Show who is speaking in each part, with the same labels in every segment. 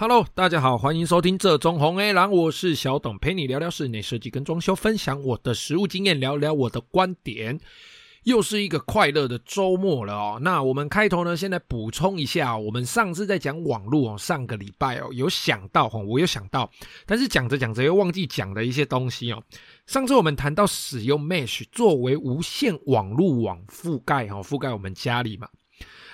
Speaker 1: Hello，大家好，歡迎收聽做裝潢 ㄟ 郎，我是小董，陪你聊聊室內設計跟裝修，分享我的實務經驗，聊聊我的觀點。又是一個快樂的周末了哦。那我們開頭呢，先來補充一下，我們上次在講網絡哦，上個禮拜哦，有想到哦，我有想到，但是講着講着又忘記講的一些東西哦。上次我們談到使用 Mesh 作為無線網絡網覆蓋哦，哈，覆蓋我們家裡嘛。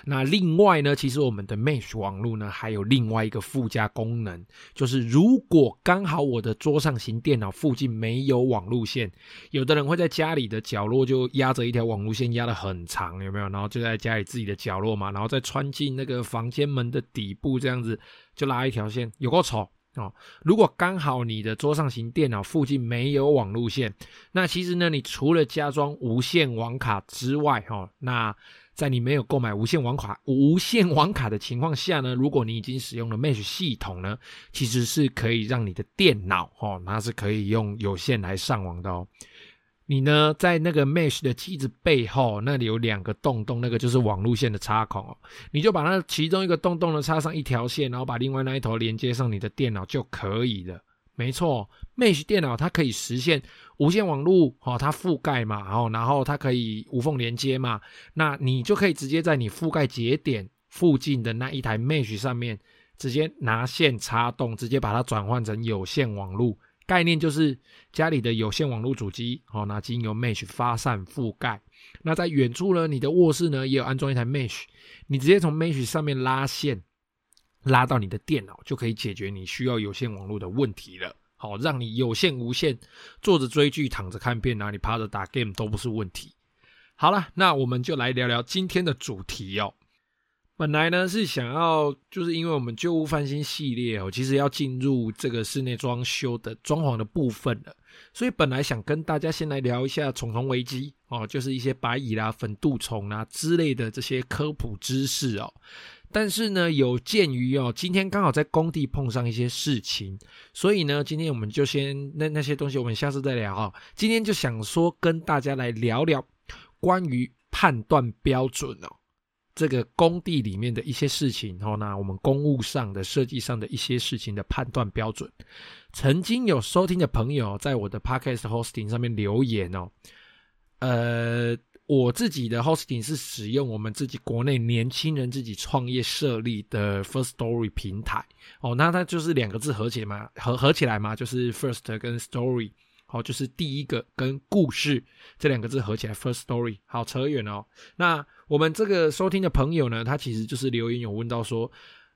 Speaker 1: 那另外呢，其實我們的 Mesh 網路呢，還有另外一個附加功能，就是如果剛好我的桌上型電腦附近沒有網路線，有的人會在家裡的角落就壓着一條網路線，壓得很長，有沒有？然後就在家裡自己的角落嘛，然後再穿進那個房間門的底部，這樣子就拉一條線，有夠醜哦。如果剛好你的桌上型電腦附近沒有網路線，那其實呢，你除了加裝無線網卡之外，哈、哦，那。在你沒有購買無線網卡無線網卡的情況下呢，如果你已經使用了 Mesh 系統呢，其實是可以讓你的電腦哦，它是可以用有線來上網的哦。你呢，在那個 Mesh 的機子背後那裡有兩個洞洞，那個就是網路線的插孔哦。你就把它其中一個洞洞呢，插上一條線，然後把另外那一頭連接上你的電腦就可以了。沒錯，Mesh 電腦它可以實現無線網絡，哦，它覆蓋嘛，然後然後它可以無縫連接嘛，那你就可以直接在你覆蓋節點附近的那一台 Mesh 上面直接拿線插動，直接把它轉換成有線網絡。概念就是家裡的有線網絡主機，好，那經由 Mesh 發散覆蓋。那在遠處呢，你的臥室呢也有安裝一台 Mesh，你直接從 Mesh 上面拉線。拉到你的電腦，就可以解決你需要有線網絡的問題了。好，讓你有線、無線，坐着追劇、躺着看片，哪裡趴着打 game 都不是問題。好了，那我們就來聊聊今天的主題哦。本來呢是想要，就是因為我們舊物翻新系列哦，其實要進入這個室內裝修的裝潢的部分了，所以本來想跟大家先來聊一下蟲蟲危機哦，就是一些白蟻啦、粉蠹蟲啦之類的這些科普知識哦。但是呢，有鑒於哦，今天剛好在工地碰上一些事情，所以呢，今天我們就先那那些東西，我們下次再聊哈、哦。今天就想說跟大家來聊聊關於判斷標準哦，這個工地裡面的一些事情，然後呢，哦、我們公務上的設計上的一些事情的判斷標準。曾經有收聽的朋友在我的 podcast hosting 上面留言哦，呃。我自己的 hosting 是使用我們自己國內年輕人自己創業設立的 Firstory 平台哦，那它就是兩個字合起來嘛，合合起來嘛，就是 First 跟 Story，好、哦，就是第一個跟故事這兩個字合起來 Firstory。好，扯遠哦。那我們這個收聽的朋友呢，他其實就是留言有問到說，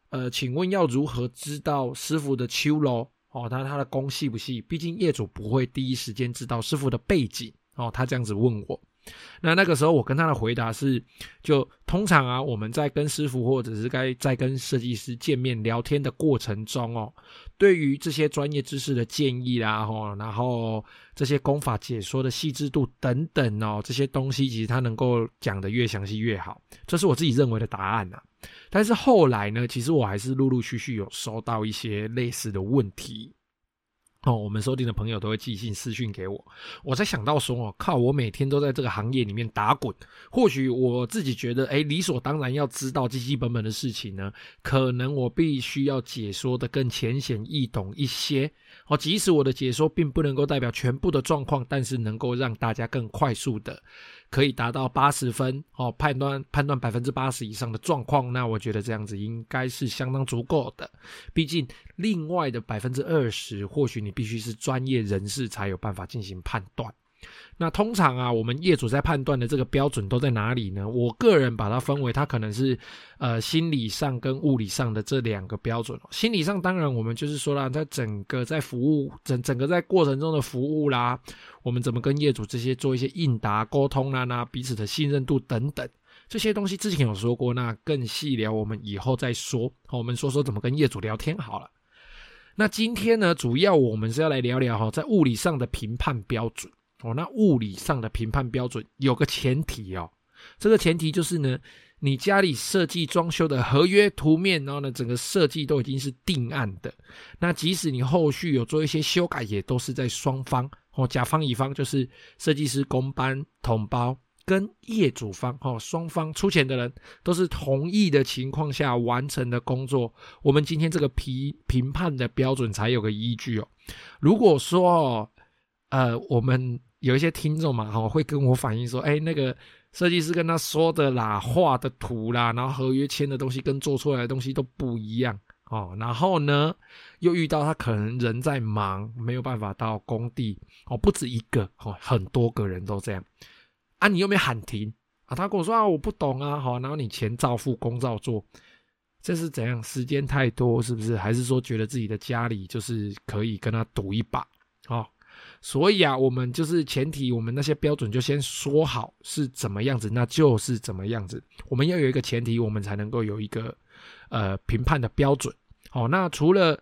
Speaker 1: 呃，請問要如何知道師傅的秋樓哦，他他的工細不細？畢竟業主不會第一時間知道師傅的背景哦，他這樣子問我。那那個時候，我跟他的回答是，就通常啊，我們在跟師傅或者是該在跟設計師見面聊天的過程中哦，對於這些專業知識的建議啦，吼，然後這些工法解說的細緻度等等哦，這些東西其實他能夠講得越詳細越好，這是我自己認為的答案吶、啊。但是後來呢，其實我還是陸陸續續有收到一些類似的問題。哦，我們收聽的朋友都會寄信私訊給我，我才想到說，我靠，我每天都在這個行業裡面打滾，或許我自己覺得，哎、欸，理所當然要知道基基本本的事情呢，可能我必須要解說得更淺顯易懂一些。哦，即使我的解說並不能夠代表全部的狀況，但是能夠讓大家更快速的可以達到八十分，哦，判斷判斷百分之八十以上的狀況，那我覺得這樣子應該是相當足夠的。畢竟另外的百分之二十，或許你。必須是專業人士才有辦法進行判斷。那通常啊，我們業主在判斷的這個標準都在哪裡呢？我個人把它分為，它可能是呃心理上跟物理上的這兩個標準。心理上當然我們就是說啦，在整個在服務整整個在過程中的服務啦，我們怎麼跟業主這些做一些應答溝通啦，那彼此的信任度等等這些東西，之前有說過，那更細聊我們以後再說。我們說說怎麼跟業主聊天好了。那今天呢，主要我們是要來聊聊哈、哦，在物理上的評判標準哦。那物理上的評判標準有個前提哦，這個前提就是呢，你家裡設計裝修的合約圖面，然後呢，整個設計都已經是定案的。那即使你後續有做一些修改，也都是在雙方哦，甲方乙方就是設計師工班、統包跟業主方哦，雙方出錢的人都是同意的情況下完成的工作，我們今天這個批，評判的標準才有個依據哦。如果說哦，呃，我們有一些聽眾嘛，哦，會跟我反映說，哎、欸，那個設計師跟他說的啦，畫的圖啦，然後合約簽的東西跟做出來的東西都不一樣哦。然後呢，又遇到他可能人在忙，沒有辦法到工地哦，不止一個哦，很多個人都這樣。啊，你又沒喊停啊？他跟我說啊，我不懂啊，好，然後你錢照付，工照做，這是怎樣？時間太多是不是？還是說覺得自己的家裡就是可以跟他賭一把啊、哦？所以啊，我們就是前提，我們那些標準就先說好是怎麼樣子，那就是怎麼樣子。我們要有一個前提，我們才能夠有一個呃評判的標準。好、哦，那除了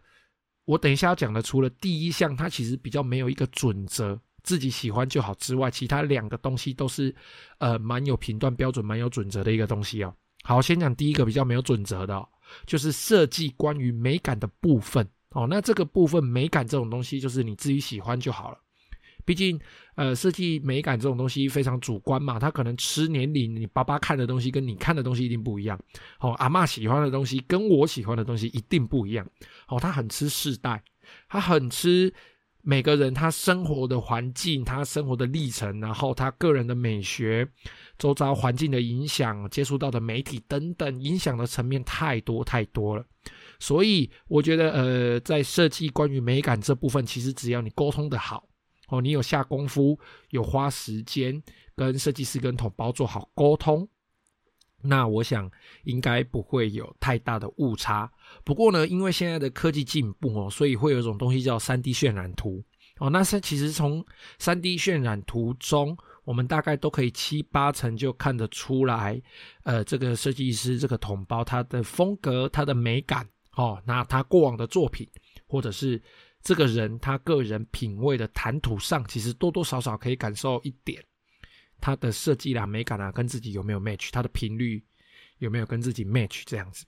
Speaker 1: 我等一下要講的，除了第一項，它其實比較沒有一個準則。自己喜歡就好之外，其他兩個東西都是，呃，蠻有評斷標準，蠻有準則的一個東西哦。好，先講第一個比較沒有準則的，哦，就是設計關於美感的部分哦。那這個部分美感這種東西，就是你自己喜歡就好了。畢竟，呃，設計美感這種東西非常主觀嘛，他可能吃年齡，你爸爸看的東西跟你看的東西一定不一樣。哦，阿嬤喜歡的東西跟我喜歡的東西一定不一樣。哦，他很吃世代，他很吃，每個人他生活的環境、他生活的歷程，然後他個人的美學、周遭環境的影響、接觸到的媒體等等影響的層面太多太多了，所以我覺得呃，在設計關於美感這部分，其實只要你溝通的好，哦，你有下功夫，有花時間跟設計師、跟統包做好溝通。那我想應該不會有太大的誤差。不過呢，因為現在的科技進步哦，所以會有一種東西叫 3D 渲染圖哦。那其實從 3D 渲染圖中，我們大概都可以七八成就看得出來，呃，這個設計師這個統包他的風格、他的美感哦，那他過往的作品，或者是這個人他個人品味的談吐上，其實多多少少可以感受一點。它的設計啦、美感啦、啊，跟自己有沒有 match？它的頻率有沒有跟自己 match 這樣子？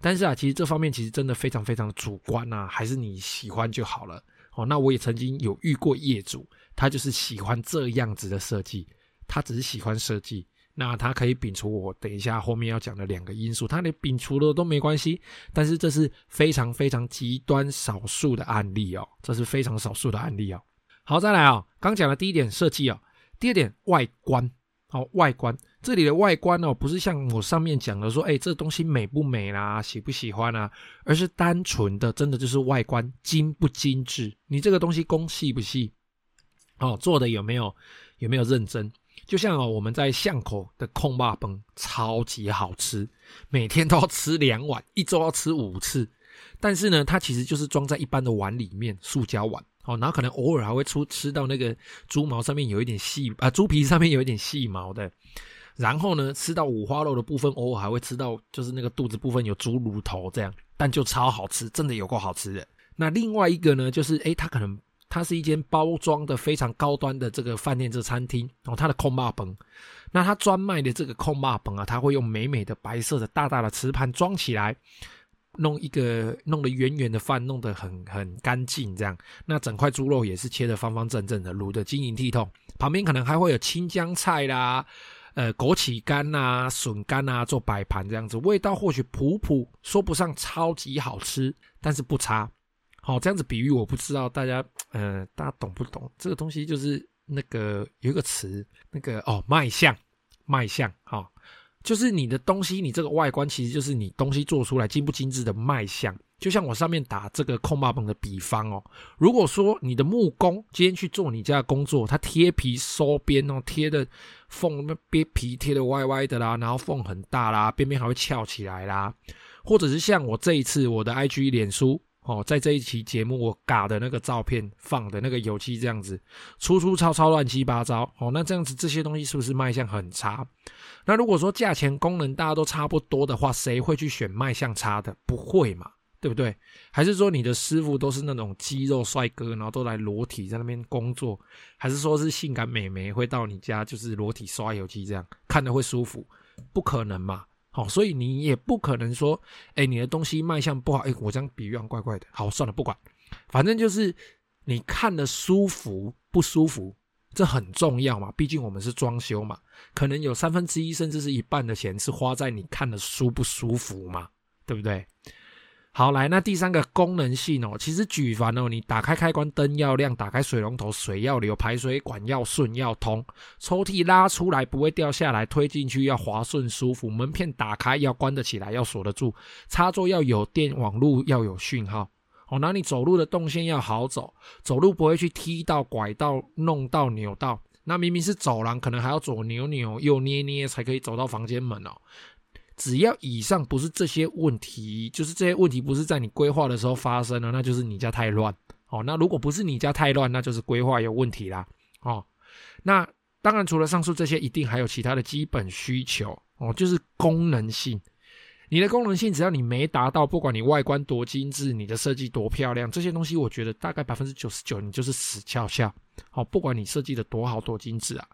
Speaker 1: 但是啊，其實這方面其實真的非常非常主觀吶、啊，還是你喜歡就好了哦。那我也曾經有遇過業主，他就是喜歡這樣子的設計，他只是喜歡設計，那他可以摒除我，我等一下後面要講的兩個因素，他連摒除了都沒關係。但是這是非常非常極端少數的案例哦，這是非常少數的案例哦。好，再來哦，剛講的第一點設計哦。第二點，外觀哦，外觀這裡的外觀哦，不是像我上面講的說，哎，這東西美不美啦、啊，喜不喜歡啊，而是單純的，真的就是外觀精不精緻，你這個東西工細不細，哦，做的有沒有，有沒有認真？就像哦我們在巷口的焢肉飯超級好吃，每天都要吃兩碗，一周要吃五次，但是呢，它其實就是裝在一般的碗裡面，塑膠碗。哦，然後可能偶爾還會出吃到那個豬毛上面有一點細啊、呃，豬皮上面有一點細毛的，然後呢，吃到五花肉的部分，偶爾還會吃到就是那個肚子部分有豬乳頭這樣，但就超好吃，真的有夠好吃的。那另外一個呢，就是誒，它可能它是一間包裝的非常高端的這個飯店這個、餐廳，哦，它的爌肉飯。那它專賣的這個爌肉飯啊，它會用美美的白色的大大的瓷盤裝起來。弄一個弄得圓圓的飯，弄得很很乾淨這樣，那整塊豬肉也是切得方方正正的，滷的晶瑩剔透，旁邊可能還會有青江菜啦，呃，枸杞乾吶，筍乾吶，做擺盤這樣子，味道或許普普，說不上超級好吃，但是不差。好、哦，這樣子比喻我不知道大家，呃，大家懂不懂？這個東西就是那個有一個詞，那個哦，賣相，賣相，哈、哦。就是你的東西，你這個外觀其實就是你東西做出來精不精致的賣相。就像我上面打這個空霸棒的比方哦，如果說你的木工今天去做你家的工作，他貼皮收邊哦，貼的縫那邊皮貼的歪歪的啦，然後縫很大啦，邊邊還會翹起來啦，或者是像我這一次我的 IG 臉書。哦，在這一期節目我嘎的那個照片放的那個油漆這樣子，粗粗糙糙亂七八糟哦，那這樣子這些東西是不是賣相很差？那如果說價錢功能大家都差不多的話，誰會去選賣相差的？不會嘛，對不對？還是說你的師傅都是那種肌肉帥哥，然後都來裸體在那邊工作？還是說是性感美眉會到你家就是裸體刷油漆這樣看的會舒服？不可能嘛。好、哦，所以你也不可能說，哎、欸，你的東西賣相不好，哎、欸，我這樣比喻很怪怪的。好，算了，不管，反正就是你看得舒服不舒服，這很重要嘛。畢竟我們是裝修嘛，可能有三分之一甚至是一半的錢是花在你看得舒不舒服嘛，對不對？好，來，那第三個功能性哦，其實舉凡哦，你打開開關燈要亮，打開水龍頭水要流，排水管要順要通，抽屜拉出來不會掉下來，推進去要滑順舒服，門片打開要關得起來，要鎖得住，插座要有電，網路要有訊號哦，那你走路的動線要好走，走路不會去踢到拐到弄到扭到，那明明是走廊，可能還要左扭扭右捏捏才可以走到房間門哦。只要以上不是這些問題，就是這些問題不是在你規劃的時候發生的，那就是你家太亂哦。那如果不是你家太亂，那就是規劃有問題啦哦。那當然，除了上述這些，一定還有其他的基本需求哦，就是功能性。你的功能性，只要你沒達到，不管你外觀多精致，你的設計多漂亮，這些東西，我覺得大概百分之九十九，你就是死翹翹。好，哦，不管你設計的多好多精致啊。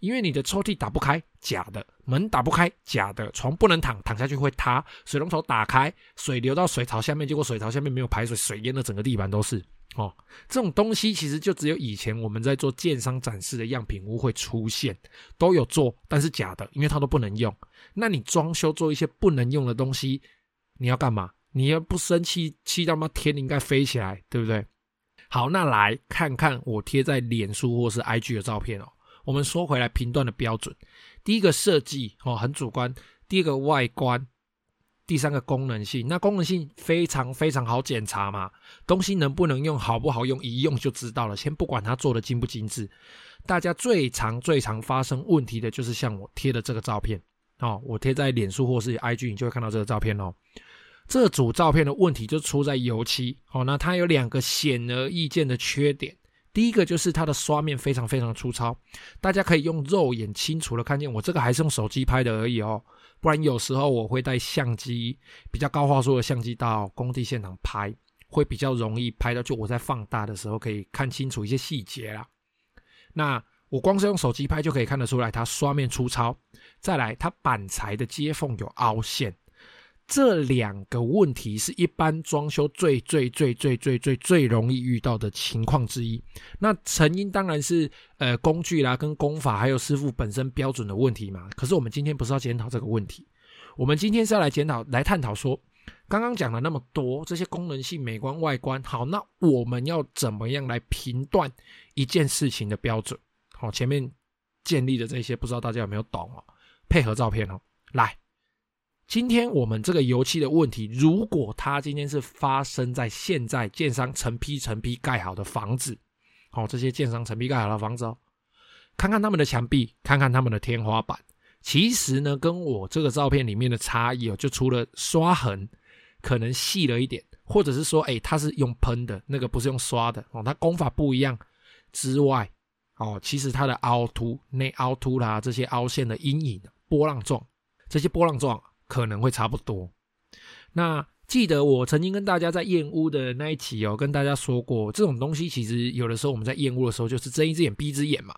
Speaker 1: 因為你的抽屜打不開，假的；門打不開，假的；床不能躺，躺下去會塌；水龍頭打開，水流到水槽下面，結果水槽下面沒有排水，水淹了整個地板都是哦。這種東西其實就只有以前我們在做建商展示的樣品屋會出現，都有做，但是假的，因為它都不能用。那你裝修做一些不能用的東西，你要幹嘛？你要不生氣，氣到嗎？天靈蓋飛起來，對不對？好，那來看看我貼在臉書或是 IG 的照片哦。我們說回來，評斷的標準，第一個設計哦，很主觀；第二個外觀，第三個功能性。那功能性非常非常好檢查嘛，東西能不能用，好不好用，一用就知道了。先不管它做的精不精緻，大家最常最常發生問題的就是像我貼的這個照片哦，我貼在臉書或是 IG，你就會看到這個照片哦。這組照片的問題就出在油漆哦，那它有兩個顯而易見的缺點。第一個就是它的刷面非常非常的粗糙，大家可以用肉眼清楚的看見。我這個還是用手機拍的而已哦，不然有時候我會帶相機，比較高畫素的相機到工地現場拍，會比較容易拍到。就我在放大的時候可以看清楚一些細節啦。那我光是用手機拍就可以看得出來，它刷面粗糙。再來，它板材的接縫有凹陷。這兩個問題是一般裝修最最最最最最最最容易遇到的情況之一。那成因當然是呃工具啦、啊、跟工法，還有師傅本身標準的問題嘛。可是我們今天不是要檢討這個問題，我們今天是要來檢討、來探討說，剛剛講了那麼多這些功能性、美觀外觀，好，那我們要怎麼樣來評斷一件事情的標準？好，前面建立的這些，不知道大家有沒有懂哦？配合照片哦，來。今天我們這個油漆的問題，如果它今天是發生在現在建商成批成批蓋好的房子，好、哦、這些建商成批蓋好的房子、哦，看看他們的牆壁，看看他們的天花板，其實呢跟我這個照片裡面的差異哦，就除了刷痕可能細了一點，或者是說哎它是用噴的那個不是用刷的哦，它工法不一樣之外，哦其實它的凹凸內凹凸啦、啊、這些凹陷的陰影波浪狀這些波浪狀。可能會差不多。那記得我曾經跟大家在驗屋的那一期哦，跟大家說過，這種東西其實有的時候我們在驗屋的時候就是睜一隻眼閉一隻眼嘛。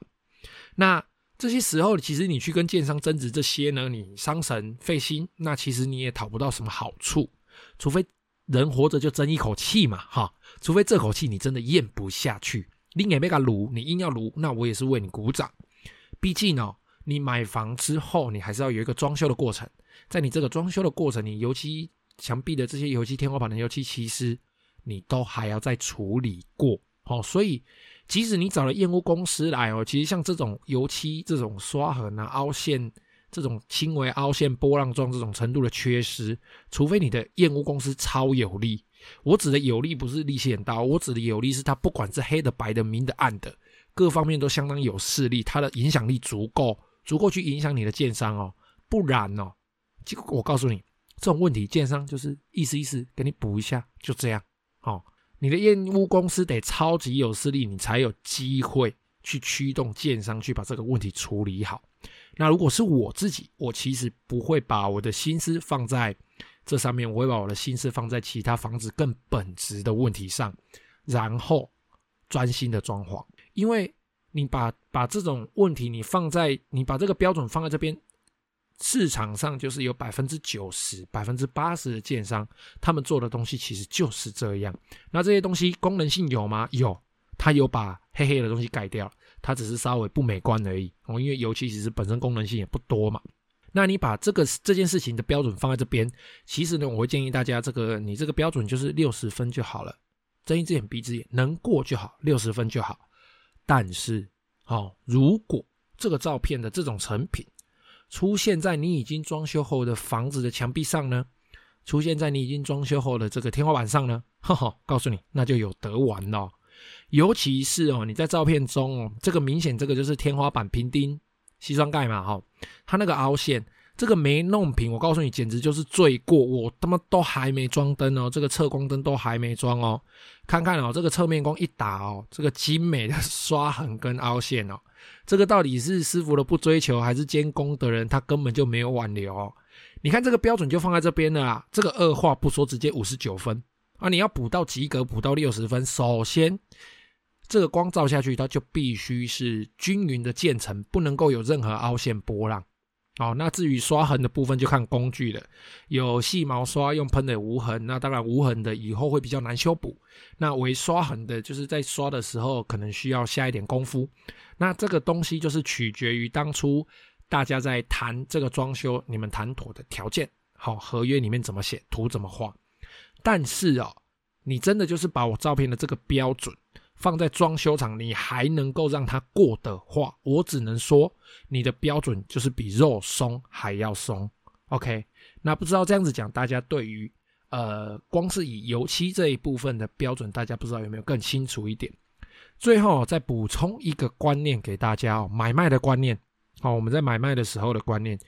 Speaker 1: 那這些時候，其實你去跟建商爭執這些呢，你傷神費心，那其實你也討不到什麼好處。除非人活着就爭一口氣嘛，哈，除非這口氣你真的嚥不下去，你也沒敢盧，你硬要盧，那我也是為你鼓掌。畢竟呢、哦，你買房之後，你還是要有一個裝修的過程。在你這個裝修的過程，你油漆牆壁的這些油漆，天花板的油漆，其實你都還要再處理過。哦，所以即使你找了驗屋公司來哦，其實像這種油漆這種刷痕啊，凹陷，這種輕微凹陷，波浪狀這種程度的缺失，除非你的驗屋公司超有力，我指的有力不是力氣很大，我指的有力是它不管是黑的、白的、明的、暗的，各方面都相當有勢力，它的影響力足夠，足夠去影響你的建商哦，不然哦。就我告訴你，這種問題，建商就是意思意思給你補一下，就這樣。哦，你的驗屋公司得超級有實力，你才有機會去驅動建商去把這個問題處理好。那如果是我自己，我其實不會把我的心思放在這上面，我會把我的心思放在其他房子更本質的問題上，然後專心的裝潢。因為你把把這種問題你放在你把這個標準放在這邊。市場上就是有百分之九十、百分之八十的建商，他們做的東西其實就是這樣。那這些東西功能性有嗎？有，它有把黑黑的東西蓋掉，它只是稍微不美觀而已，哦，因為油漆其，其實本身功能性也不多嘛。那你把這個這件事情的標準放在這邊，其實呢，我會建議大家，這個你這個標準就是六十分就好了，睜一只眼閉一只眼，能過就好，六十分就好。但是哦，如果這個照片的這種成品，出現在你已經裝修後的房子的牆壁上呢？出現在你已經裝修後的這個天花板上呢？哈哈，告訴你，那就有得玩了哦。尤其是哦，你在照片中哦，這個明顯這個就是天花板平釘，矽酸鈣嘛哈哦，它那個凹陷，這個沒弄平，我告訴你，簡直就是罪過，我他媽都還沒裝燈哦，這個側光燈都還沒裝哦，看看哦，這個側面光一打哦，這個精美的刷痕跟凹陷哦。這個到底是師傅的不追求，還是監工的人他根本就沒有挽留、哦？你看這個標準就放在這邊了啊。這個二話不說，直接五十九分啊！你要補到及格，補到六十分，首先這個光照下去，它就必須是均勻的漸層，不能夠有任何凹陷波浪。好、哦，那至於刷痕的部分就看工具了，有細毛刷用噴的無痕，那當然無痕的以後會比較難修補。那為刷痕的，就是在刷的時候可能需要下一點功夫。那這個東西就是取決於當初大家在談這個裝修，你們談妥的條件，好、哦，合約裡面怎麼寫，圖怎麼畫。但是哦，你真的就是把我照片的這個標準，放在裝修廠你還能夠讓它過的話，我只能說你的標準就是比肉鬆還要鬆。OK，那不知道這樣子講，大家對於呃光是以油漆這一部分的標準，大家不知道有沒有更清楚一點？最後再補充一個觀念給大家哦，買賣的觀念哦，我們在買賣的時候的觀念，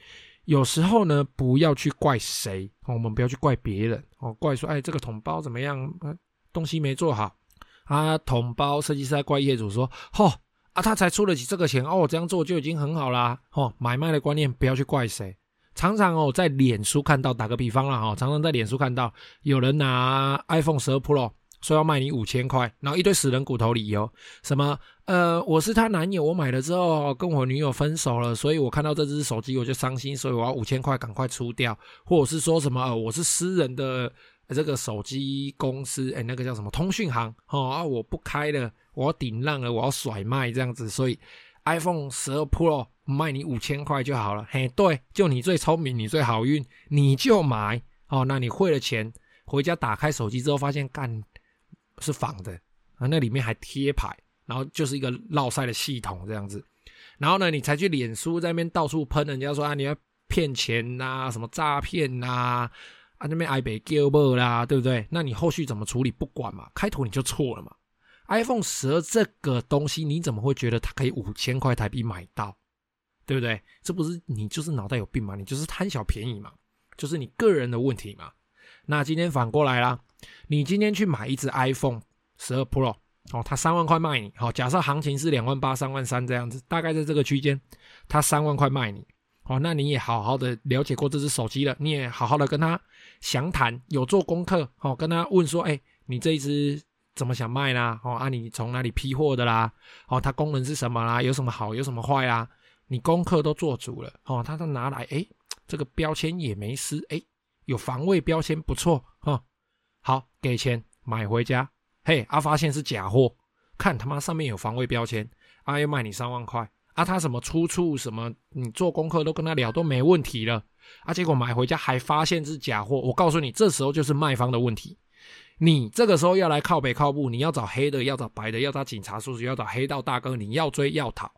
Speaker 1: 有時候呢，不要去怪誰哦，我們不要去怪別人哦，怪說哎這個統包怎麼樣啊，東西沒做好。啊，同胞，設計師在怪業主說：“吼、哦、啊，他才出得起這個錢，哦，我這樣做就已經很好啦。哦”吼，買賣的觀念不要去怪誰，常常哦在臉書看到，打個比方啦，哈、哦，常常在臉書看到有人拿 iPhone 十二 Pro 說要賣你五千塊，然後一堆死人骨頭理由，什麼呃，我是他男友，我買了之後跟我女友分手了，所以我看到這只手機我就傷心，所以我要五千塊趕快出掉，或者是說什麼，呃、我是私人的。這個手機公司、欸、那個叫什麼通訊行、哦、啊，我不開了，我要頂讓了，我要甩賣這樣子。所以 iPhone 十二 Pro 賣你五千塊就好了。嘿，對，就你最聰明，你最好運，你就買哦。那你匯了錢，回家打開手機之後發現幹是仿的、啊、那裡面還貼牌，然後就是一個落晒的系統這樣子。然後呢，你才去臉書在那邊到處噴，人家說啊，你要騙錢吶、啊，什麼詐騙吶、啊？那、啊、邊 iPad Air 啦，對不對？那你後續怎麼處理？不管嘛，開頭你就錯了嘛。iPhone 十二這個東西，你怎麼會覺得它可以五千塊台幣買到？對不對？這不是你就是腦袋有病嘛，你就是貪小便宜嘛，就是你個人的問題嘛。那今天反過來啦，你今天去買一隻 iPhone 十二 Pro，哦，它三萬塊賣你，好、哦，假設行情是兩萬八、三萬三這樣子，大概在這個區間，它三萬塊賣你。哦，那你也好好的了解過這隻手機了，你也好好的跟他詳談，有做功課，哦，跟他問說，哎，你這一只怎麼想賣啦？哦，啊，你從哪裡批貨的啦？哦，它功能是什麼啦？有什麼好？有什麼壞啦？你功課都做足了，哦，他都拿來，哎，這個標籤也沒撕，哎，有防偽標籤，不錯，哦、嗯。好，給錢買回家，嘿，啊發現是假貨，看他媽上面有防偽標籤，啊又賣你三萬塊。啊，他什麼出處什麼？你做功課都跟他聊都沒問題了。啊，結果買回家還發現是假貨。我告訴你，這時候就是賣方的問題。你這個時候要來靠北靠布，你要找黑的，要找白的，要找警察叔叔，要找黑道大哥，你要追要討，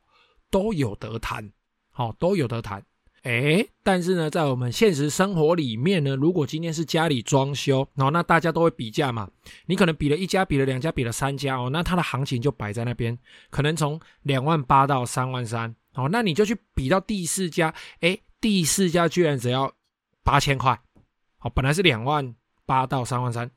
Speaker 1: 都有得談。好，都有得談。誒，但是呢，在我們現實生活裡面呢，如果今天是家裡裝修，然後，哦，那大家都會比價嘛。你可能比了一家，比了兩家，比了三家哦，那它的行情就擺在那邊，可能從兩萬八到三萬三哦。那你就去比到第四家，誒，第四家居然只要八千塊哦，本來是兩萬八到三萬三，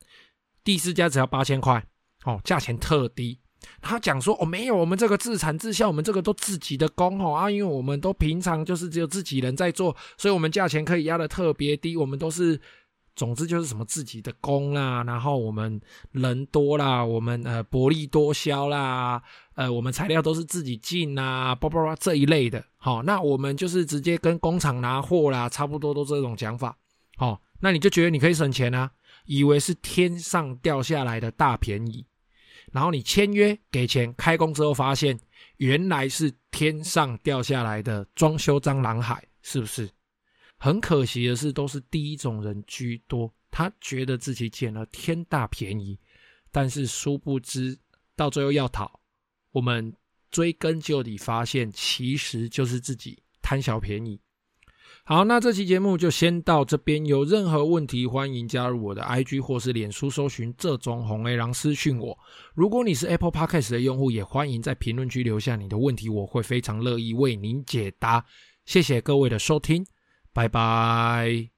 Speaker 1: 第四家只要八千塊哦，價錢特低。他講說：“哦，沒有，我們這個自產自銷，我們這個都自己的工吼啊，因為我們都平常就是只有自己人在做，所以我們價錢可以壓得特別低。我們都是，總之就是什麼自己的工啦、啊，然後我們人多啦，我們呃薄利多銷啦，呃我們材料都是自己進啊，叭叭叭這一類的。好、哦，那我們就是直接跟工廠拿貨啦，差不多都這種講法。好、哦，那你就覺得你可以省錢啊，以為是天上掉下來的大便宜。”然後你簽約給錢，開工之後發現原來是天上掉下來的裝修蟑螂海，是不是？很可惜的是，都是第一種人居多，他覺得自己撿了天大便宜，但是殊不知到最後要討，我們追根究底發現，其實就是自己貪小便宜。好，那這期節目就先到這邊。有任何問題，歡迎加入我的 IG 或是臉書搜尋“這種紅 A 狼”私訊我。如果你是 Apple Podcast 的用戶，也歡迎在評論區留下你的問題，我會非常樂意為您解答。謝謝各位的收聽，拜拜。